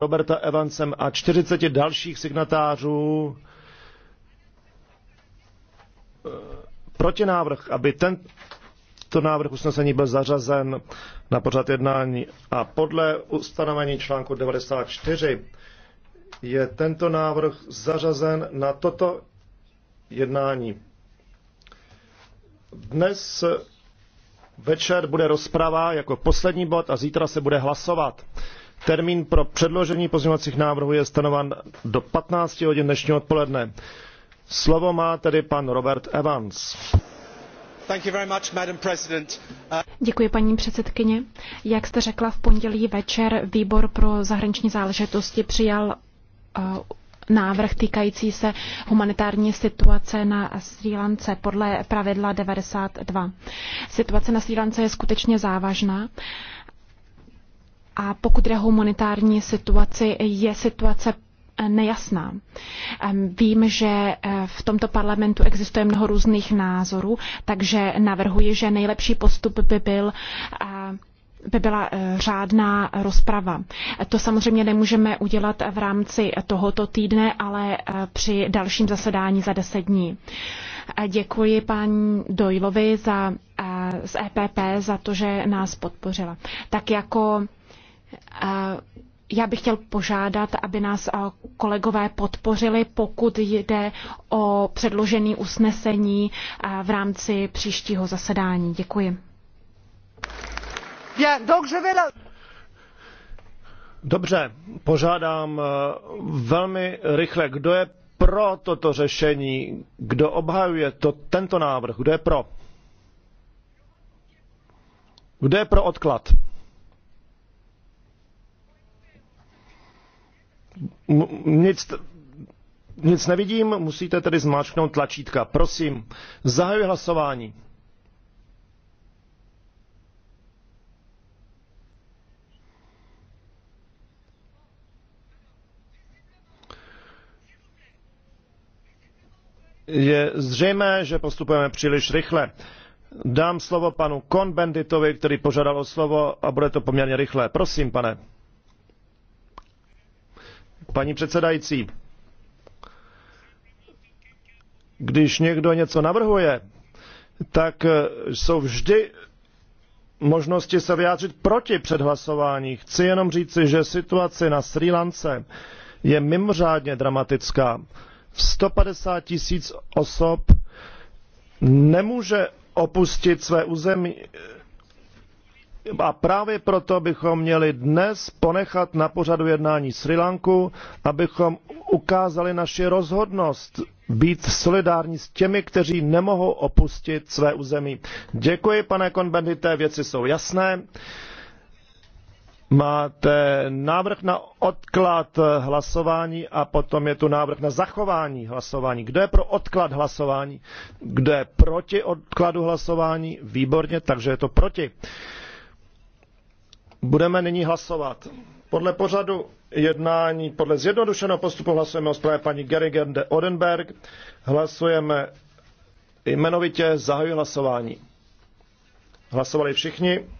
Roberta Evansem a 40 dalších signatářů eh, protinávrh, aby tento návrh usnesení byl zařazen na pořad jednání. A podle ustanovení článku 94 je tento návrh zařazen na toto jednání. Dnes večer bude rozprava jako poslední bod a zítra se bude hlasovat. Termín pro předložení pozměňovacích návrhů je stanovan do 15 hodin dnešního odpoledne. Slovo má tedy pan Robert Evans. Děkuji, paní předsedkyně. Jak jste řekla, v pondělí večer výbor pro zahraniční záležitosti přijal uh, návrh týkající se humanitární situace na Sri Lance podle pravidla 92. Situace na Sri Lance je skutečně závažná a pokud je humanitární situaci, je situace eh, nejasná. Vím, že eh, v tomto parlamentu existuje mnoho různých názorů, takže navrhuji, že nejlepší postup by byl eh, by byla řádná rozprava. To samozřejmě nemůžeme udělat v rámci tohoto týdne, ale při dalším zasedání za deset dní. Děkuji paní Dojlovi za, z EPP za to, že nás podpořila. Tak jako já bych chtěl požádat, aby nás kolegové podpořili, pokud jde o předložený usnesení v rámci příštího zasedání. Děkuji. Dobře, požádám velmi rychle, kdo je pro toto řešení, kdo obhajuje to, tento návrh, kdo je pro? Kdo je pro odklad? nic, nic nevidím, musíte tedy zmáčknout tlačítka. Prosím, zahajuji hlasování. Je zřejmé, že postupujeme příliš rychle. Dám slovo panu Konbenditovi, který požádal o slovo a bude to poměrně rychlé. Prosím, pane. Paní předsedající, když někdo něco navrhuje, tak eh, jsou vždy možnosti se vyjádřit proti předhlasování. Chci jenom říci, že situace na Sri Lance je mimořádně dramatická. 150 tisíc osob nemůže opustit své území a právě proto bychom měli dnes ponechat na pořadu jednání Sri Lanku, abychom ukázali naši rozhodnost být solidární s těmi, kteří nemohou opustit své území. Děkuji, pane Konbendite, věci jsou jasné. Máte návrh na odklad hlasování a potom je tu návrh na zachování hlasování. Kdo je pro odklad hlasování? Kdo je proti odkladu hlasování? Výborně, takže je to proti. Budeme nyní hlasovat. Podle pořadu jednání, podle zjednodušeného postupu hlasujeme o zprávě paní Gerigen de Odenberg. Hlasujeme jmenovitě, zahajuji hlasování. Hlasovali všichni.